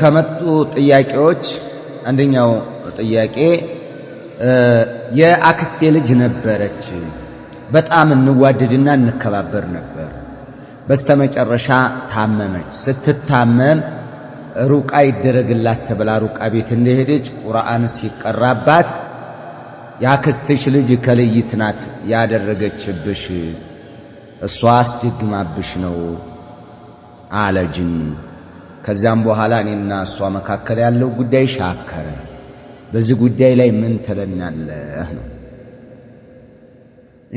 ከመጡ ጥያቄዎች አንደኛው ጥያቄ የአክስቴ ልጅ ነበረች። በጣም እንዋደድና እንከባበር ነበር። በስተመጨረሻ ታመመች። ስትታመም ሩቃ ይደረግላት ተብላ ሩቃ ቤት እንደሄደች ቁርአን ሲቀራባት የአክስትሽ ልጅ ከልይት ናት ያደረገችብሽ፣ እሷ አስደግማብሽ ነው አለ ጅን ከዚያም በኋላ እኔና እሷ መካከል ያለው ጉዳይ ሻከረ። በዚህ ጉዳይ ላይ ምን ትለናለህ ነው።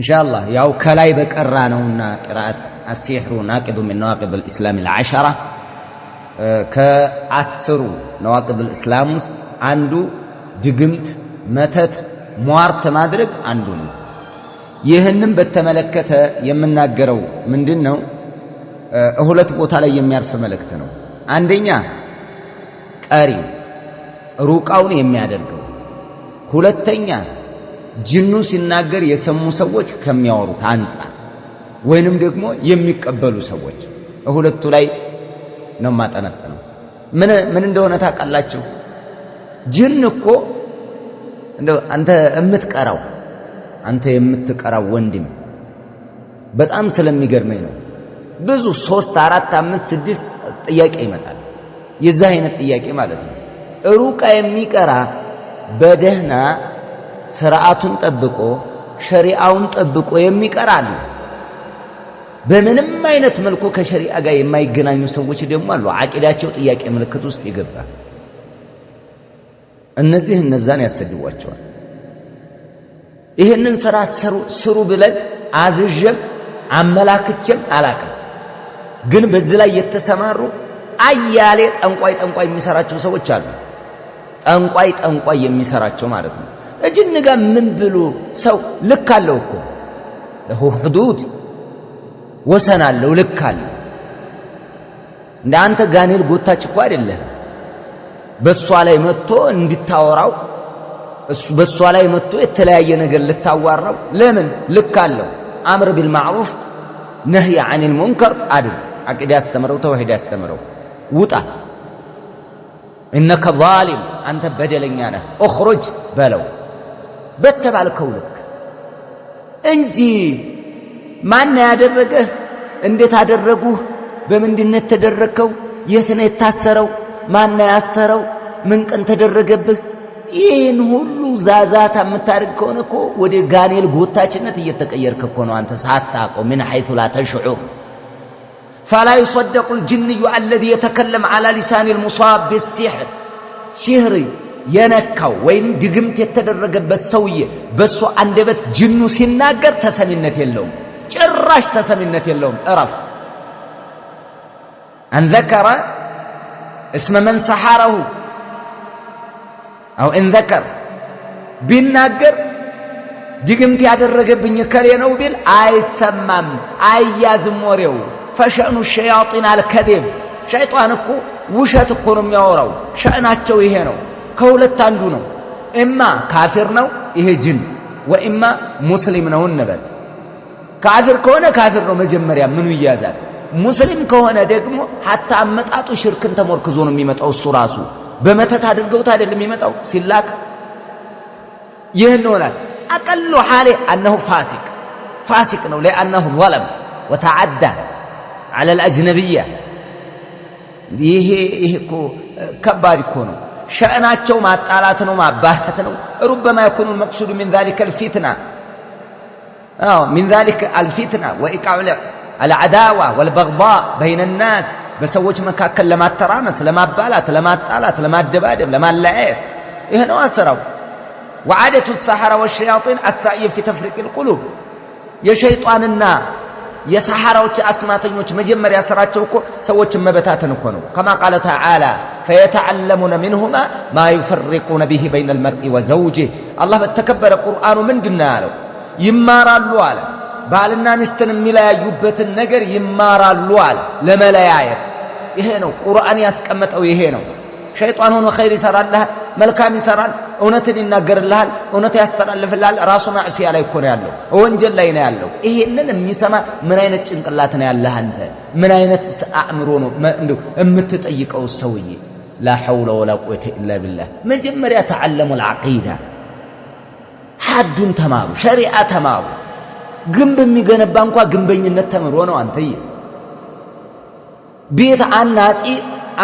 ኢንሻአላህ ያው ከላይ በቀራ ነውና ቅራአት አሲሕሩ ናቂዱ ሚን ነዋቂድ ልእስላም ልዓሸራ ከአስሩ ነዋቂድ ልእስላም ውስጥ አንዱ ድግምት፣ መተት፣ ሟርት ማድረግ አንዱ ነው። ይህንም በተመለከተ የምናገረው ምንድን ነው? ሁለት ቦታ ላይ የሚያርፍ መልእክት ነው። አንደኛ ቀሪ ሩቃውን የሚያደርገው፣ ሁለተኛ ጅኑ ሲናገር የሰሙ ሰዎች ከሚያወሩት አንጻር ወይንም ደግሞ የሚቀበሉ ሰዎች ሁለቱ ላይ ነው ማጠነጠነው። ምን እንደሆነ ታውቃላችሁ? ጅን እኮ እንደው አንተ የምትቀራው አንተ የምትቀራው ወንድም በጣም ስለሚገርመኝ ነው ብዙ ሶስት አራት አምስት ስድስት ጥያቄ ይመጣል። የዛ አይነት ጥያቄ ማለት ነው። ሩቃ የሚቀራ በደህና ስርዓቱን ጠብቆ ሸሪዓውን ጠብቆ የሚቀራ አለ። በምንም አይነት መልኩ ከሸሪዓ ጋር የማይገናኙ ሰዎች ደግሞ አሉ። አቂዳቸው ጥያቄ ምልክት ውስጥ ይገባ እነዚህ እነዛን ያሰድቧቸዋል። ይህንን ስራ ስሩ ብለን አዝዤም አመላክቼም አላቅም። ግን በዚህ ላይ የተሰማሩ አያሌ ጠንቋይ ጠንቋይ የሚሰራቸው ሰዎች አሉ። ጠንቋይ ጠንቋይ የሚሰራቸው ማለት ነው። እጅን ጋር ምን ብሎ ሰው ልክ አለው እኮ ለሁ ሕዱድ ወሰን አለው፣ ልክ አለው። እንደ አንተ ጋኔል ጎታች እኮ አይደለህ። በእሷ ላይ መጥቶ እንድታወራው እሱ በእሷ ላይ መጥቶ የተለያየ ነገር ልታዋራው ለምን ልክ አለው። አምር ቢልማዕሩፍ ነህይ አኒል ሙንከር አድል አቂዳ ያስተምረው፣ ተውሂድ ያስተምረው። ውጣ እነከ ዛሊም አንተ በደለኛ ነህ፣ ኡኽሩጅ በለው በተባልከው ልክ እንጂ ማን ያደረገህ? እንዴት አደረጉህ? በምንድነት ተደረግከው? የት ነው የታሰረው? ማን ያሰረው? ምን ቀን ተደረገብህ? ይህን ሁሉ ዛዛታ የምታደርግ ከሆነ እኮ ወደ ጋኔል ጎታችነት እየተቀየርክ እኮ ነው አንተ ሳታውቀው ምን ሐይቱ ላ ፈላ ዩሰደቁ ልጅንዩ አለዚ የተከለም ዓላ ሊሳን ልሙሳብ ቢሲሕር ሲህር የነካው ወይም ድግምት የተደረገበት ሰውዬ በእሱ አንደበት ጅኑ ሲናገር ተሰሚነት የለውም፣ ጭራሽ ተሰሚነት የለውም። እረፍ አንዘከረ እስመ መን ሰሓረሁ አው እንዘከር ቢናገር ድግምት ያደረገብኝ እከሌ ነው ቢል አይሰማም፣ አያዝም ወሬው ፈሸኑ ሸያጢን አልከዜብ ሸይጣን እኮ ውሸት እኮ ነው የሚያወራው። ሸእናቸው ይሄ ነው። ከሁለት አንዱ ነው። እማ ካፊር ነው ይሄ ጅን፣ ወኢማ ሙስሊም ነው እንበል። ካፊር ከሆነ ካፊር ነው መጀመሪያ ምኑ ይያዛል። ሙስሊም ከሆነ ደግሞ ሀታ አመጣጡ ሽርክን ተሞርክዞ ነው የሚመጣው። እሱ ራሱ በመተት አድርገውት አይደለም የሚመጣው ሲላክ ይህን ይሆናል። አቀሉ ሓሌ አነሁ ፋሲቅ ፋሲቅ ነው ሊአነሁ ظለም ወተዓዳ على الأجنبية يه يه إيه، كو كبار يكونوا شأنات ما تعلاتنا ما باهتنا ربما يكون المقصود من ذلك الفتنة أو آه، من ذلك الفتنة وإقاع العداوة والبغضاء بين الناس بسويش ما كاكل لما ترامس لما بالات لما تعلات لما دبادب لما اللعيف إيه نواسره وعادة السحرة والشياطين السعي في تفريق القلوب يا شيطان النار የሰሐራዎች አስማተኞች መጀመሪያ ስራቸው እኮ ሰዎችን መበታተን እኮ ነው። ከማ ቃለ ተዓላ ፈየተዓለሙነ ሚንሁማ ማ ዩፈሪቁነ ቢሂ በይነል መርኢ ወዘውጅህ። አላህ በተከበረ ቁርአኑ ምንድን ነው ያለው? ይማራሉ አለ። ባልና ሚስትን የሚለያዩበትን ነገር ይማራሉ አለ። ለመለያየት ይሄ ነው ቁርአን ያስቀመጠው። ይሄ ነው ሸይጣን ሆኖ ኸይር ይሰራልሃል መልካም ይሰራል፣ እውነትን ይናገርልሃል፣ እውነት ያስተላልፍልሃል። ራሱ ማዕሲያ ላይ እኮ ነው ያለው፣ ወንጀል ላይ ነው ያለው። ይሄንን የሚሰማ ምን አይነት ጭንቅላት ነው ያለህ አንተ? ምን አይነት አእምሮ ነው እንደው የምትጠይቀው ሰውዬ? ላ ሐውለ ወላ ቁወተ ኢላ ቢላህ። መጀመሪያ ተዓለሙ ልዓቂዳ፣ ሐዱን ተማሩ፣ ሸሪአ ተማሩ። ግንብ የሚገነባ እንኳ ግንበኝነት ተምሮ ነው አንተዬ። ቤት አናጺ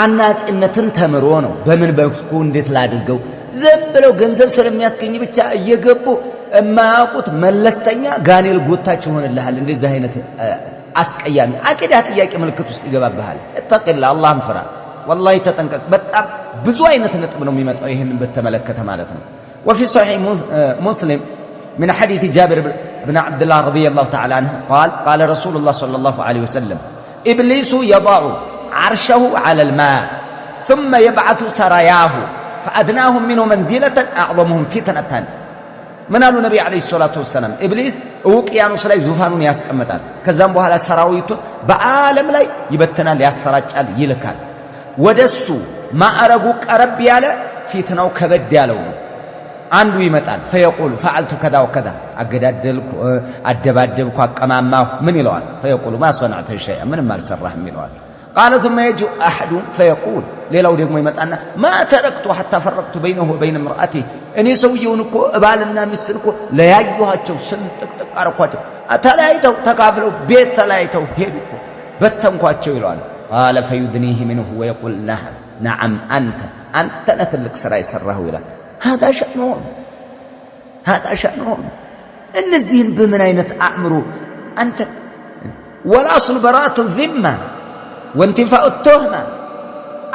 አናጺነትን ተምሮ ነው። በምን በኩ እንዴት ላድርገው? ዝም ብለው ገንዘብ ስለሚያስገኝ ብቻ እየገቡ የማያውቁት መለስተኛ ጋኔል ጎታች ይሆንልሃል። እንደዚህ አይነት አስቀያሚ አቂዳ ጥያቄ ምልክት ውስጥ ይገባብሃል። እተቅላ አላህን ፍራ፣ ወላሂ ተጠንቀቅ። በጣም ብዙ አይነት ነጥብ ነው የሚመጣው ይህንን በተመለከተ ማለት ነው። ወፊ ሶሒሕ ሙስሊም ምን ሐዲት ጃብር ብን ዓብድላህ ረዲየላሁ ተዓላ አንሁ ቃል ቃለ ረሱሉላህ ሰለላሁ ዓለይሂ ወሰለም ኢብሊሱ የዳዑ አርሸሁ على الماء ثم يبعث سراياه فأدناهم منه منزلة أعظمهم فتنة ምን አሉ ነቢ ዓለይሂ ሰላቱ ወሰላም ኢብሊስ ውቅያኖስ ላይ ዙፋኑን ያስቀምጣል። ከዛም በኋላ ሰራዊቱን በዓለም ላይ ይበትናል፣ ያሰራጫል፣ ይልካል። ወደሱ ማዕረጉ ቀረብ ያለ ፊትናው ከበድ ያለው ነው። አንዱ ይመጣል ፈየቁሉ ፈዓልቱ ከዛ ወከዛ አገዳደልኩ፣ አደባደብኩ፣ አቀማማሁ ምን ይለዋል? ፈየቁሉ ማ ሰናዕተ ሸይአ ምንም አልሰራህም ይለዋል። قال ثم يجي أحد فيقول ليلا وديك ما أنا ما تركت حتى فرقت بينه وبين امرأته إني سوي ينكو أبال النامس لا يجيها تشو سن تك تك أتلايتو تقابلو بيت تلايتو هيبكو بتنكو أتشو يلوان قال فيدنيه منه ويقول نعم نعم أنت أنت نتلك سراي سره إلى هذا شأنهم هذا شأنهم إن الزين بمن اعمرو أنت ولا أصل براءة الذمة ወንቲንፋ እቶህና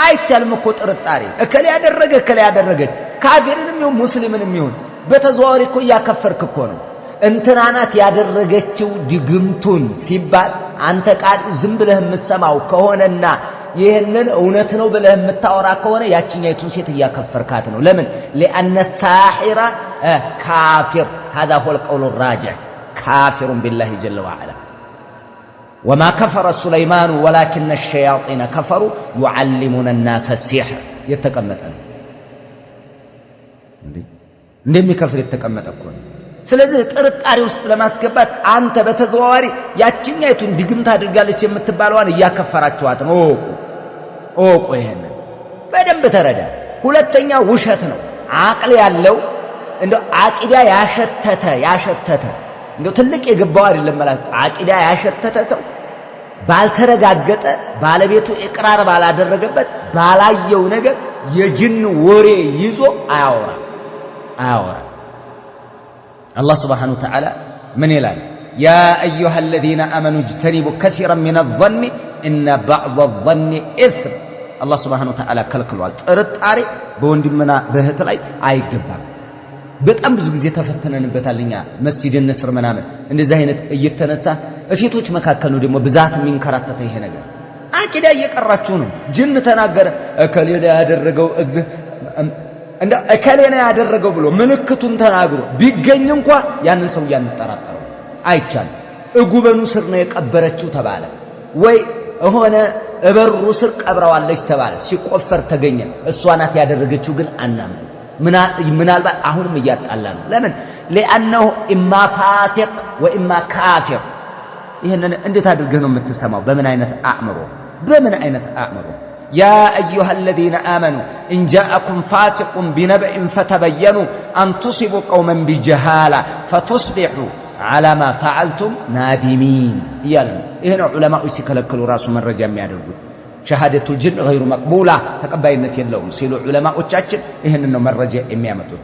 አይቻልም እኮ ጥርጣሬ እከሌ ያደረገ እከሌ ያደረገች ካፊርንም ይሁን ሙስሊምንም ይሁን በተዘዋዋሪ እኮ እያከፈርክ እኮ ነው። እንትናናት ያደረገችው ድግምቱን ሲባል አንተ ቃል ዝም ብለህ የምሰማው ከሆነና ይህንን እውነት ነው ብለህ የምታወራ ከሆነ ያችኛይቱን ሴት እያከፈርካት ነው። ለምን ሊአነ ሳሒራ ካፊር ሃዛ ሁወል ቀውሉ ራጅዕ ካፊሩን ቢላሂ ጀለ ወዐላ ወማ ከፈረ ሱለይማኑ ወላኪነ ሸያጢነ ከፈሩ ዩዓሊሙነ ናሰ ሲሕር የተቀመጠ ነው። እንደሚከፍር የተቀመጠ እኮ ነው። ስለዚህ ጥርጣሬ ውስጥ ለማስገባት አንተ በተዘዋዋሪ ያችኛይቱን ድግምት አድርጋለች የምትባለዋን እያከፈራችኋት ነው። እወቁ እወቁ፣ ይሄንን በደንብ ተረዳ። ሁለተኛ ውሸት ነው። አቅል ያለው እንደ አቂዳ ያሸተተ ያሸተተ እንደው ትልቅ የገባው አይደለም ማለት አቂዳ ያሸተተ ሰው ባልተረጋገጠ ባለቤቱ ኢቅራር ባላደረገበት ባላየው ነገር የጅን ወሬ ይዞ አያወራ አያወራ። አላህ ስብሓነሁ ወተዓላ ምን ይላል? ያ አዩሃ አለዚነ አመኑ እጅተኒቡ ከሲረን ሚነ ዞኒ እነ ባዕደ ዞኒ ኢስም። አላህ ስብሓነሁ ወተዓላ ከልክሏል። ጥርጣሬ በወንድምና በእህት ላይ አይገባም። በጣም ብዙ ጊዜ ተፈተነንበታል። እኛ መስጂድ እንስር ምናምን እንደዚህ አይነት እየተነሳ ሴቶች መካከል ነው ደግሞ ብዛት የሚንከራተተ ይሄ ነገር። አቂዳ እየቀራችሁ ነው። ጅን ተናገረ እከሌ ያደረገው እዚህ እንደ እከሌ ያደረገው ብሎ ምልክቱን ተናግሮ ቢገኝ እንኳ ያንን ሰው እያንጠራጠረው አይቻል እጉበኑ ስር ነው የቀበረችው ተባለ ወይ ሆነ እበሩ ስር ቀብረዋለች ተባለ። ሲቆፈር ተገኘ። እሷ ናት ያደረገችው ግን አናምን ምናልባት አሁንም እያጣላ ነው። ለምን ሊአነሁ ኢማ ፋሲቅ ወኢማ ካፊር። ይህንን እንዴት አድርገህ ነው የምትሰማው? በምን አይነት አእምሮ በምን አይነት አእምሮ يا أيها الذين آمنوا إن جاءكم فاسق بنبأ فتبينوا أن تصبوا قوما بجهالة فتصبحوا على ما فعلتم نادمين يلا هنا علماء يسكلكلوا راسهم الرجال يدرون ሸሃደቱል ጅን ገይሩ መቅቡላ ተቀባይነት የለውም ሲሉ ዑለማዎቻችን ይህን ነው መረጃ የሚያመጡት።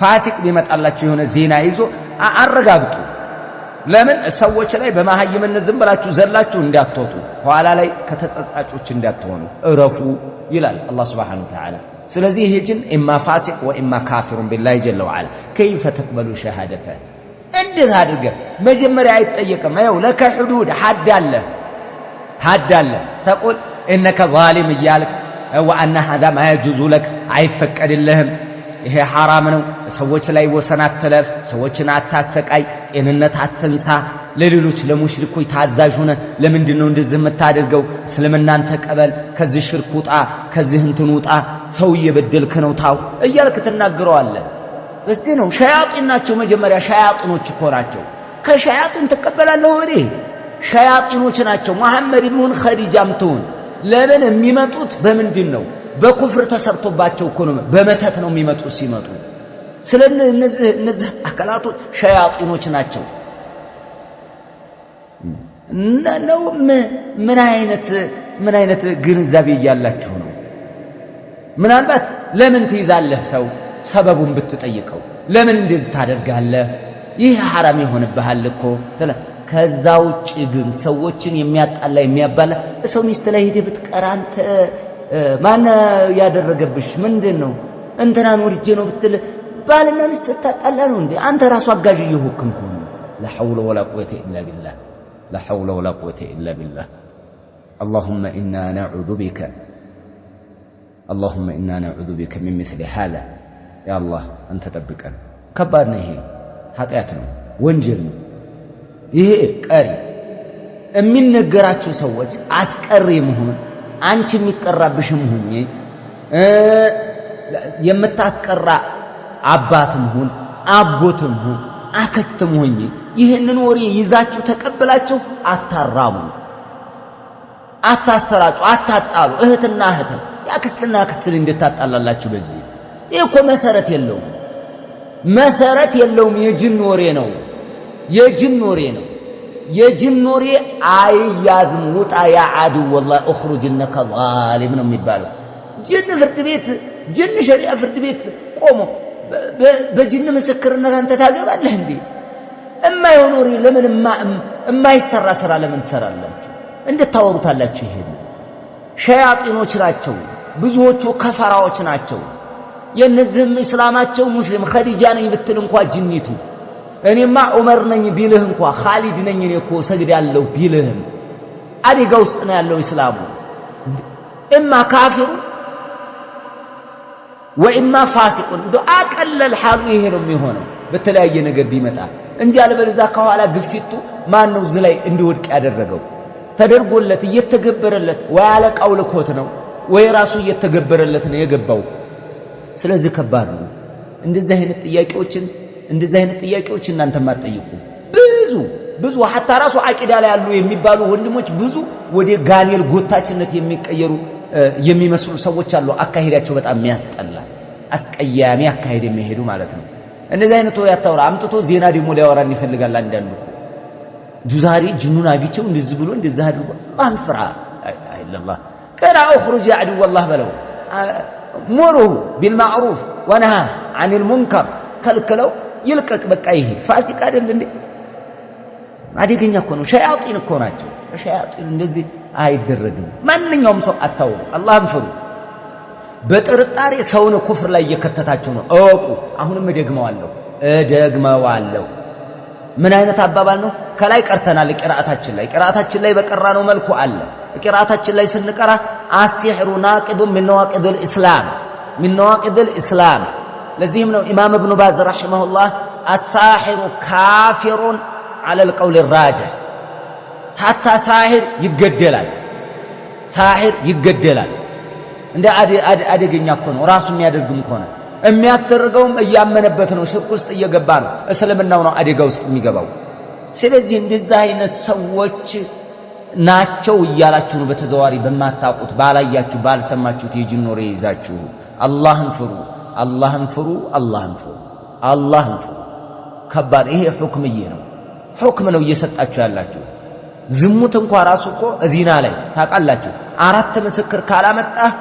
ፋሲቅ ቢመጣላችሁ የሆነ ዜና ይዞ አረጋግጡ። ለምን ሰዎች ላይ በመሃይምነት ዝም ብላችሁ ዘላችሁ እንዳትወጡ፣ ኋላ ላይ ከተጸጻጮች እንዳትሆኑ እረፉ ይላል አላህ ሱብሓነሁ ወተዓላ። ስለዚህ ይህ ጅን ኢማ ፋሲቅ ወኢማ ካፊሩን ቢላሂ ጀለ ወዓላ። ከይፈ ተቅበሉ ሸሃደተ እንዴት አድርገ መጀመሪያ አይጠየቅም። ይኸው ለከ ሕዱድ ሐድ አለ ሐድ አለ ተቁል እነከ ዛሊም እያልክ ወአና ሀዛ ማያጁዙ ለክ አይፈቀድልህም። ይሄ ሐራም ነው። ሰዎች ላይ ወሰን አትለፍ፣ ሰዎችን አታሰቃይ፣ ጤንነት አትንሳ፣ ለሌሎች ለሙሽሪኮች ታዛዥ ሆነ። ለምንድን ነው እንደዚህ የምታደርገው? እስልምናን ተቀበል፣ ከዚህ ሽርክ ውጣ፣ ከዚህ እንትን ውጣ፣ ሰው እየበደልክ ነው ታው እያልክ ትናገረዋለህ። በዚህ ነው ሸያጢን ናቸው። መጀመሪያ ሸያጢኖች እኮ ናቸው። ከሸያጢን ትቀበላለህ ወዲህ ሸያጢኖች ናቸው። መሐመድም ይሁን ኸዲጃም ትሁን ለምን የሚመጡት በምንድን ነው? በኩፍር ተሰርቶባቸው እኮ ነው። በመተት ነው የሚመጡት ሲመጡ ስለ እነዚህ እነዚህ አካላቶች ሸያጢኖች ናቸው። ነው ምን አይነት ምን አይነት ግንዛቤ እያላችሁ ነው? ምናልባት ለምን ትይዛለህ ሰው ሰበቡን ብትጠይቀው ለምን እንደዚህ ታደርጋለህ? ይህ ሐራም ይሆንብሃል እኮ ከዛ ውጭ ግን ሰዎችን የሚያጣላ የሚያባላ ሰው ሚስት ላይ ሂደህ ብትቀር አንተ ማን ያደረገብሽ ምንድን ነው እንትናን ነው ብትል ባልና ሚስት ልታጣላ ነው እንዴ? አንተ ራሱ አጋዥ እየሆንክ እኮ ነው። ላሐውለ ወላ ቁወተ ኢላ ቢላህ ላሐውለ ወላ ቁወተ ኢላ ቢላህ አላሁመ ኢና ነዑዙ ቢከ አላሁመ ኢና ነዑዙ ቢከ ሚን ሚስሊ ሃዛ ያ አላህ አንተ ጠብቀን። ከባድ ነው ይሄ፣ ኃጢአት ነው፣ ወንጀል ነው። ይሄ ቀሪ የሚነገራቸው ሰዎች አስቀሪ መሆን አንቺ የሚቀራብሽም ሁኚ የምታስቀራ አባትም ሁን አጎትም ሁን አክስትም ሁኚ ይህንን ወሬ ይዛችሁ ተቀብላችሁ አታራሙ፣ አታሰራጩ፣ አታጣሉ። እህትና እህትም የአክስትና አክስትን እንድታጣላላችሁ በዚህ ይህ እኮ መሰረት የለውም፣ መሰረት የለውም። የጅን ወሬ ነው። የጅን ኖሬ ነው። የጅን ኖሬ አይያዝም። ውጣ ያ አድው ወላሂ እኽሩጅ እነከ ዛሊም ነው የሚባለው። ጅን ፍርድ ቤት ጅን ሸሪዓ ፍርድ ቤት ቆሞ በጅን ምስክርነት አንተ ታገባለህ እንዴ? እማይሆን ወሬ ለምን እማይሰራ ስራ ለምን ሰራላችሁ? እንዴት ታወሩታላችሁ? ይሄን ሸያጢኖች ናቸው ብዙዎቹ ከፈራዎች ናቸው። የእነዚህም ኢስላማቸው ሙስሊም ኸዲጃ ነኝ ብትል እንኳ ጅኒቱ እኔማ ዑመር ነኝ ቢልህ እንኳ ኻሊድ ነኝ እኔ እኮ ያለው ቢልህም አደጋ ውስጥ ነው ያለው ኢስላሙ። እማ ካፊሩ ወኢማ ፋሲቁን። እንደ አቀለል ሓሉ ይሄ ነው የሚሆነው በተለያየ ነገር ቢመጣ እንጂ አለበለዚያ ከኋላ ግፊቱ ማን ነው እዚህ ላይ እንዲወድቅ ያደረገው? ተደርጎለት እየተገበረለት ወይ አለቃው ልኮት ነው ወይ ራሱ እየተገበረለት ነው የገባው። ስለዚህ ከባድ ነው እንደዚህ አይነት ጥያቄዎችን እንደዚህ አይነት ጥያቄዎች እናንተ አትጠይቁ። ብዙ ብዙ ሀታ ራሱ አቂዳ ላይ ያሉ የሚባሉ ወንድሞች ብዙ ወደ ጋኔል ጎታችነት የሚቀየሩ የሚመስሉ ሰዎች አሉ። አካሄዳቸው በጣም የሚያስጠላ አስቀያሚ አካሄድ የሚሄዱ ማለት ነው። እንደዚህ አይነት ወሬ አታውራ። አምጥቶ ዜና ደግሞ ሊያወራን ይፈልጋል። አንዳንዱ ጁዛሪ ጅኑን አግኝቼው እንደዚህ ብሎ እንደዚህ አድርጎ አላህን ፍራ ኢላላ ቅራ ኡኽሩጅ ያዕድው በለው ሙሩሁ ቢልማዕሩፍ ወነሃ አኒል ሙንከር ከልክለው ይልቀቅ በቃ ይሄ ፋሲቅ አይደል እንዴ? አደገኛ እኮ ነው። ሸያጢን እኮ ናቸው። ሸያጢን እንደዚህ አይደረግም። ማንኛውም ሰው አታውሩ፣ አላህን ፍሩ። በጥርጣሬ ሰውን ኩፍር ላይ እየከተታችሁ ነው፣ እወቁ። አሁንም እደግመዋለሁ እደግመዋለሁ። ምን አይነት አባባል ነው? ከላይ ቀርተናል። ቂራአታችን ላይ ቂራአታችን ላይ በቀራነው መልኩ አለ። ቂራአታችን ላይ ስንቀራ አሲሕሩ ናቂዱ ሚን ነዋቂድ ልእስላም ሚን ነዋቂድ ልእስላም ለዚህም ነው ኢማም እብኑ ባዝ ረሒመሁላህ አሳሒሩ ካፊሩን አለል ቀውል ራጅሕ ሐታ ሳሒር ይገደላል። ሳሒር ይገደላል። እንደ አደገኛ እኮ ነው ራሱ የሚያደርግም ከሆነ የሚያስደርገውም እያመነበት ነው። ሽርክ ውስጥ እየገባ ነው። እስልምናው ነው አደጋ ውስጥ የሚገባው። ስለዚህ እንደዚህ አይነት ሰዎች ናቸው እያላችሁ ነው በተዘዋሪ በማታውቁት ባላያችሁ፣ ባልሰማችሁት የጅኖሬ ይዛችሁ አላህን ፍሩ። አላህን ፍሩ፣ አላህን ፍሩ፣ አላህን ፍሩ። ከባድ ይሄ ሑክምዬ ነው። ሑክም ነው እየሰጣችሁ ያላችሁ። ዝሙት እንኳ ራሱ እኮ እዚና ላይ ታውቃላችሁ፣ አራት ምስክር ካላመጣህ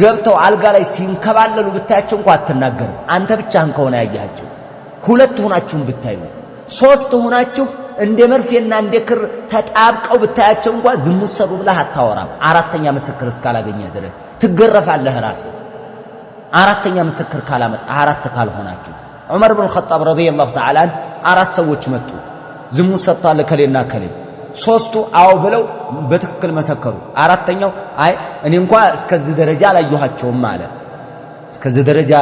ገብተው አልጋ ላይ ሲንከባለሉ ብታያቸው እንኳ አትናገርም። አንተ ብቻህን ከሆነ ያያቸው፣ ሁለት ሆናችሁም ብታዩ፣ ሶስት ሆናችሁ እንደ መርፌና እንደ ክር ተጣብቀው ብታያቸው እንኳ ዝሙት ሰሩ ብለህ አታወራም። አራተኛ ምስክር እስካላገኘህ ድረስ ትገረፋለህ ራስህ አራተኛ ምስክር ካላመጣ አራት ካልሆናችሁ ዑመር ብን ኸጣብ ረዲየላሁ ተዓላ አራት ሰዎች መጡ። ዝሙት ሰርቷል እከሌና እከሌ። ሶስቱ አዎ ብለው በትክክል መሰከሩ። አራተኛው አይ እኔ እንኳ እስከዚህ ደረጃ አላየኋቸውም አለ። እስከዚህ ደረጃ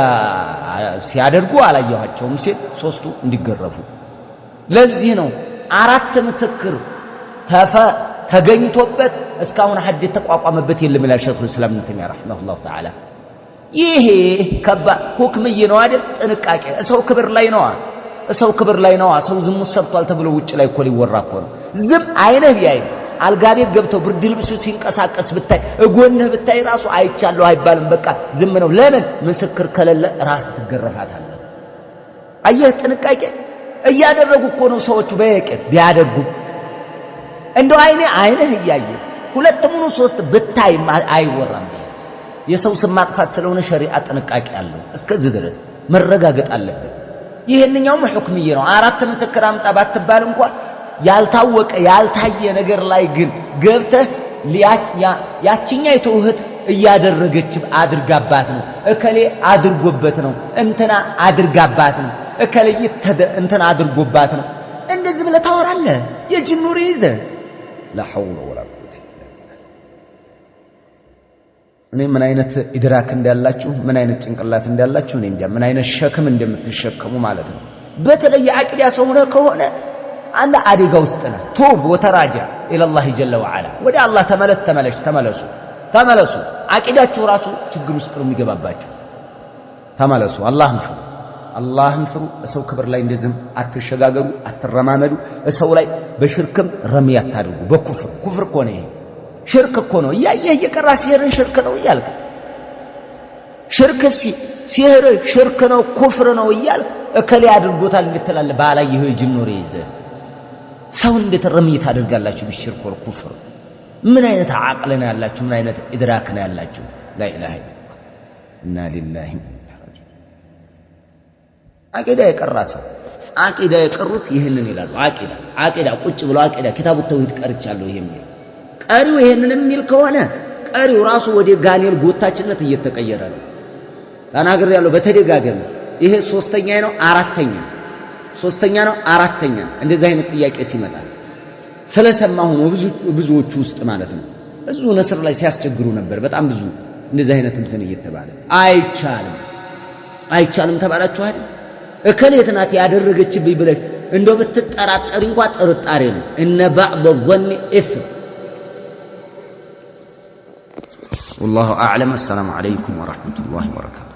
ሲያደርጉ አላየኋቸውም ሲል ሶስቱ እንዲገረፉ። ለዚህ ነው አራት ምስክር ተፈ ተገኝቶበት እስካሁን ሐድ የተቋቋመበት የለም ይላል ሸይኹል ኢስላም ኢብኑ ተይሚያ ረሂመሁላሁ ተዓላ። ይሄ ከባድ ሁክምዬ ነው አይደል? ጥንቃቄ ሰው ክብር ላይ ነዋ፣ ሰው ክብር ላይ ነዋ። ሰው ዝሙት ሰርቷል ተብሎ ውጭ ላይ እኮ ሊወራ እኮ ነው። ዝም አይነህ ቢያይ አልጋቤት ገብተው ብርድ ልብሱ ሲንቀሳቀስ ብታይ፣ እጎንህ ብታይ ራሱ አይቻለሁ አይባልም። በቃ ዝም ነው። ለምን ምስክር ከሌለ ራስ ትገረፋታለህ። አየህ፣ ጥንቃቄ እያደረጉ እኮ ነው ሰዎቹ። በየቀን ቢያደርጉም እንደው አይኔ አይነህ እያየ ሁለት ምኑ ሶስት ብታይ አይወራም። የሰው ስም ማጥፋት ስለሆነ ሸሪዓ ጥንቃቄ አለው። እስከዚህ ድረስ መረጋገጥ አለበት። ይህንኛውም ሑክምዬ ነው። አራት ምስክር አምጣ ባትባል እንኳ ያልታወቀ ያልታየ ነገር ላይ ግን ገብተህ ያችኛይቱ እህት እያደረገች አድርጋባት ነው፣ እከሌ አድርጎበት ነው፣ እንትና አድርጋባት ነው፣ እከሌ እንትና አድርጎባት ነው። እንደዚህ ብለህ ታወራለህ። የጅን ይዘህ ላ ሐውለ እኔ ምን አይነት ኢድራክ እንዳላችሁ ምን አይነት ጭንቅላት እንዳላችሁ እኔ እንጃ፣ ምን አይነት ሸክም እንደምትሸከሙ ማለት ነው። በተለይ አቂዳ ሰው ሆነ ከሆነ አንድ አደጋ ውስጥ ነው። ቱብ ወተራጃ ኢለላህ ጀለ ወዓላ፣ ወደ አላህ ተመለስ ተመለሽ ተመለሱ ተመለሱ። አቂዳችሁ ራሱ ችግር ውስጥ ነው የሚገባባችሁ። ተመለሱ፣ አላህን ፍሩ፣ አላህን ፍሩ። እሰው ክብር ላይ እንደዝም አትሸጋገሩ፣ አትረማመዱ። እሰው ላይ በሽርክም ረሚ አታድርጉ፣ በኩፍር ኩፍር እኮ ይሄ ሽርክ እኮ ነው እያየህ እየቀራ ሲህርን ሽርክ ነው እያልክ ሽርክ ሲህር ሽርክ ነው ኩፍር ነው እያልክ እከሌ አድርጎታል እንድትላለ ባላ ይህ ጅኖር ይዘ ሰው እንዴት ረምይ ታደርጋላችሁ? ብሽርክ ወል ኩፍር ምን አይነት አቅል ነው ያላችሁ? ምን አይነት ኢድራክ ነው ያላችሁ? ላኢላሃ ኢላላህ እና ሊላሂ አቂዳ የቀራ ሰው አቂዳ የቀሩት ይህንን ይላሉ። አቂዳ አቂዳ ቁጭ ብሎ አቂዳ ኪታቡ ተውሂድ ቀርቻለሁ የሚል ቀሪው ይሄንን የሚል ከሆነ ቀሪው ራሱ ወደ ጋኔል ጎታችነት እየተቀየረ ነው። ተናግር ያለው በተደጋገመ ይሄ ሶስተኛ ነው አራተኛ ሶስተኛ ነው አራተኛ። እንደዚህ አይነት ጥያቄ ሲመጣ ስለሰማሁ ነው ብዙዎቹ ውስጥ ማለት ነው። እዙ ነስር ላይ ሲያስቸግሩ ነበር በጣም ብዙ እንደዚህ አይነት እንትን እየተባለ አይቻልም አይቻልም አይደል? እከሌት ናት ያደረገችብኝ ብለሽ እንደው ብትጠራጠሪ እንኳ ጥርጣሬ ነው እነ ባዕድ ዞን ኢስም والله أعلم السلام عليكم ورحمة الله وبركاته